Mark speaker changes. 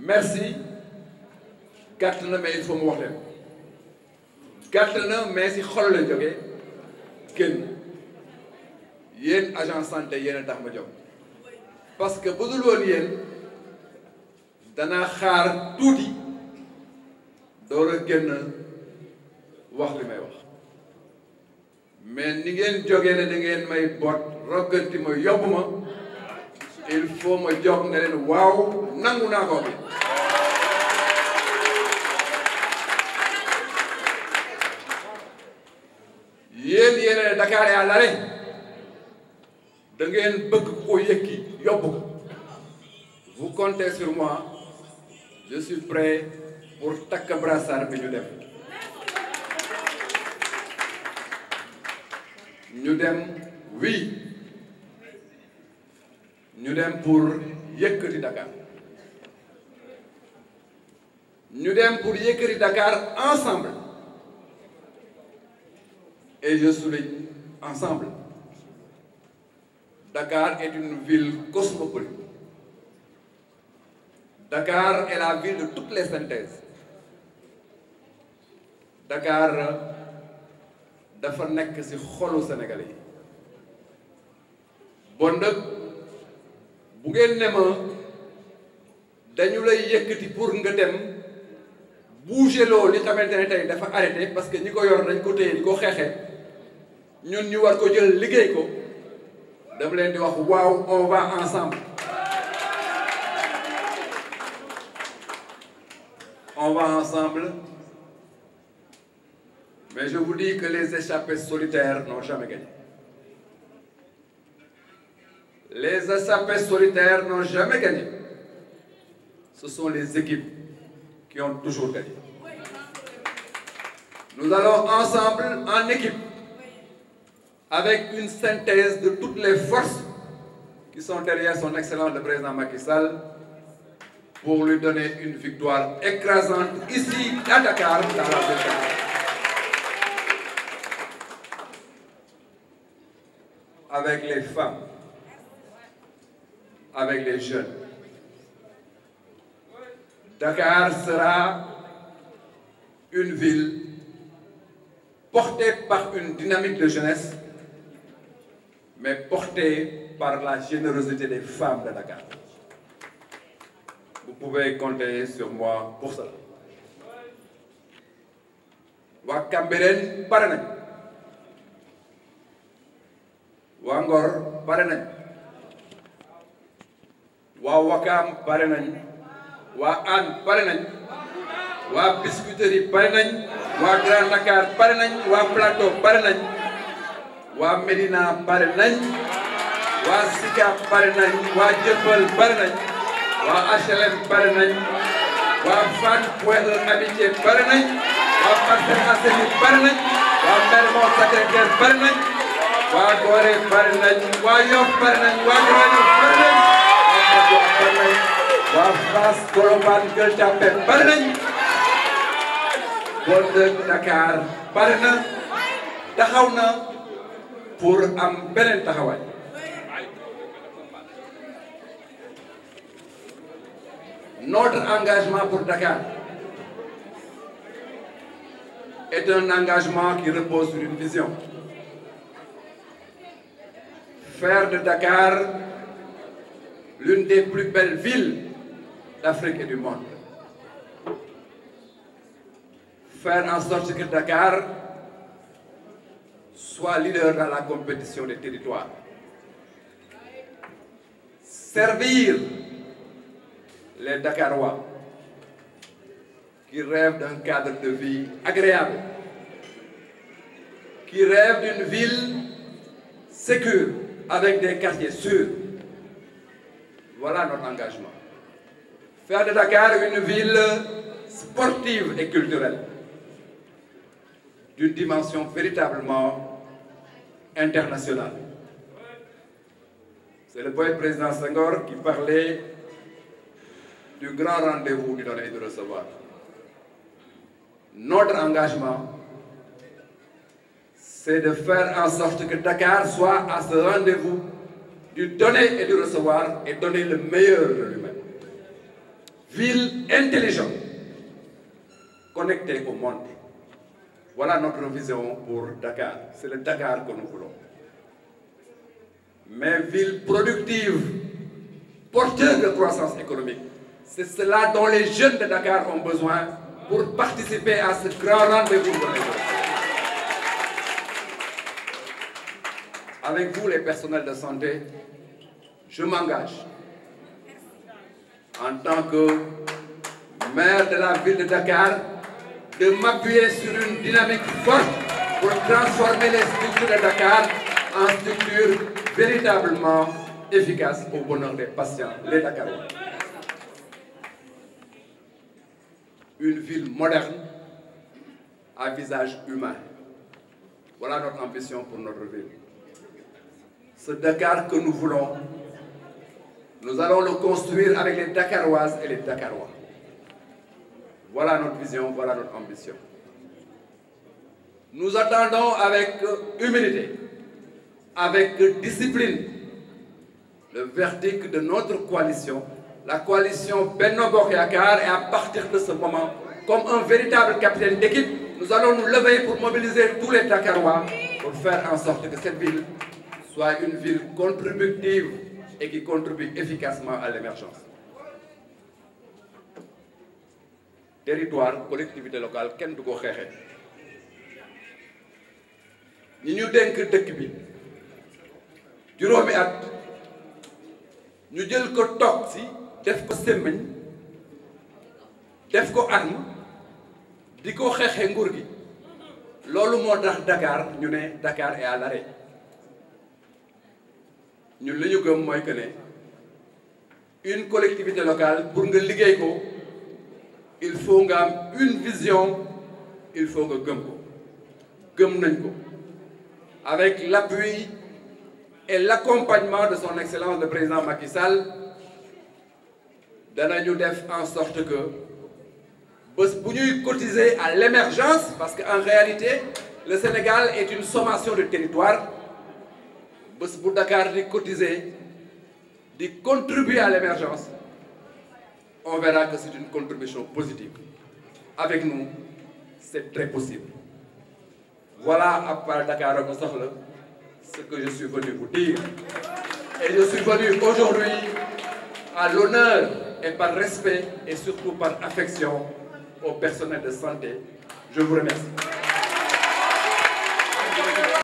Speaker 1: merci gàtt na mais il mu wax leen gàtt na mais si xol la jóge génn yéen agent santé yéen a tax ma jóg parce que bu dul woon yéen danaa xaar tuuti door a génn wax li may wax mais ni ngeen jógee ne da ngeen may boot rogganti ma yóbbu ma il faut ma jox ne leen waaw nangu naa bi yéen yéen Dakar est à l'arrêt da bëgg koo yëkki yóbbu vous comptez sur je suis prêt pour takk brassard bi ñu dem ñu dem oui ñu dem pour yëkkati Dakar ñu dem pour yëkkati Dakar ensemble et je souligne ensemble Dakar est une ville cosmopolite Dakar est la ville de toutes les synthèses Dakar dafa nekk ci xolu Sénégalais yi bon nag bu ngeen ne ma dañu lay yëkkati pour nga dem bouger loo li xamante ne tey dafa arrêté parce que ñi ko yor dañ ko téye di ko xeexee ñun ñu ko jël liggéey ko dama leen di wax waaw on va ensemble on va ensemble mais je vous dis que les échappés solitaires n'ont jamais gagné Les SAP solitaires n'ont jamais gagné. Ce sont les équipes qui ont toujours gagné. Nous allons ensemble en équipe avec une synthèse de toutes les forces qui sont derrière son excellence le président Macky pour lui donner une victoire écrasante ici à Dakar Avec les femmes avec les jeunes. Dakar sera une ville portée par une dynamique de jeunesse, mais portée par la générosité des femmes de Dakar. Vous pouvez compter sur moi pour cela. waa Cambérène pare nañ waa Ngor nañ waa Wakaam pare nañ waa Hann pare nañ waa Biscuiterie pare nañ waa Grand Dakar pare nañ waa Plateau pare nañ waa Médina pare nañ waa Sicap pare nañ waa Dieuppeul pare nañ waa HLM pare nañ waa Fann Point E Amitié nañ waa Parcelles Assainies pare nañ waa Mermoz Sacré-Cœur nañ waa Gorée pare nañ waa Yoff pare nañ waa Grand Fass Colobane Gueule Tapée bari nañ bon de Dakar bari na taxaw na pour am beneen taxawaay notre engagement pour Dakar est un engagement qui repose sur vision faire de Dakar l'une des plus belles villes d'Afrique et du monde. Faire en sorte que Dakar soit leader dans la compétition des territoires. Servir les Dakarois qui rêvent d'un cadre de vie agréable, qui rêvent d'une ville sécure avec des quartiers sûrs. Voilà notre engagement. faire de Dakar une ville sportive et culturelle, d'une dimension véritablement internationale. C'est le poète président Senghor qui parlait du grand rendez-vous du donner et de recevoir. Notre engagement, c'est de faire en sorte que Dakar soit à ce rendez-vous du donner et du recevoir et donner le meilleur ville intelligente, connectée au monde. Voilà notre vision pour Dakar. C'est le Dakar que nous voulons. Mais ville productive, porteur de croissance économique. C'est cela dont les jeunes de Dakar ont besoin pour participer à ce grand rendez-vous de Avec vous, les personnels de santé, je m'engage en tant que maire de la ville de Dakar de m'appuyer sur une dynamique forte pour transformer les structures de Dakar en structures véritablement efficaces au bonheur des patients, les Dakarois. Une ville moderne à visage humain. Voilà notre ambition pour notre ville. Ce Dakar que nous voulons Nous allons le construire avec les Dakaroises et les Dakarois. Voilà notre vision, voilà notre ambition. Nous attendons avec humilité, avec discipline, le verdict de notre coalition, la coalition Benno Bokyakar, et à partir de ce moment, comme un véritable capitaine d'équipe, nous allons nous lever pour mobiliser tous les Dakarois pour faire en sorte que cette ville soit une ville contributive et qui contribuent efficacement à l'émergence. territoire collectivité locale kenn du ko xeexee ñi ñu dénk dëkk bi juróomi at ñu jël ko toog si def ko semmiñ def ko arme di ko xeexee nguur gi loolu moo tax Dakar ñu ne Dakar est à ñu li ñu gëm mooy que ne une collectivité locale pour nga liggéey ko il faut nga am une vision il faut nga gëm ko gëm nañ ko avec l'appui et l'accompagnement de son excellence le président Macky Sall danañu def en sorte que bés bu ñuy cotiser à l'émergence parce que en réalité le Sénégal est une sommation de territoire bés bu Dakar di cotiser di contribuer à l'émergence on verra que c'est une contribution positive avec nous c'est très possible voilà à part Dakar ak soxla ce que je suis venu vous dire et je suis venu aujourd'hui à l'honneur et par respect et surtout par affection au personnel de santé je vous remercie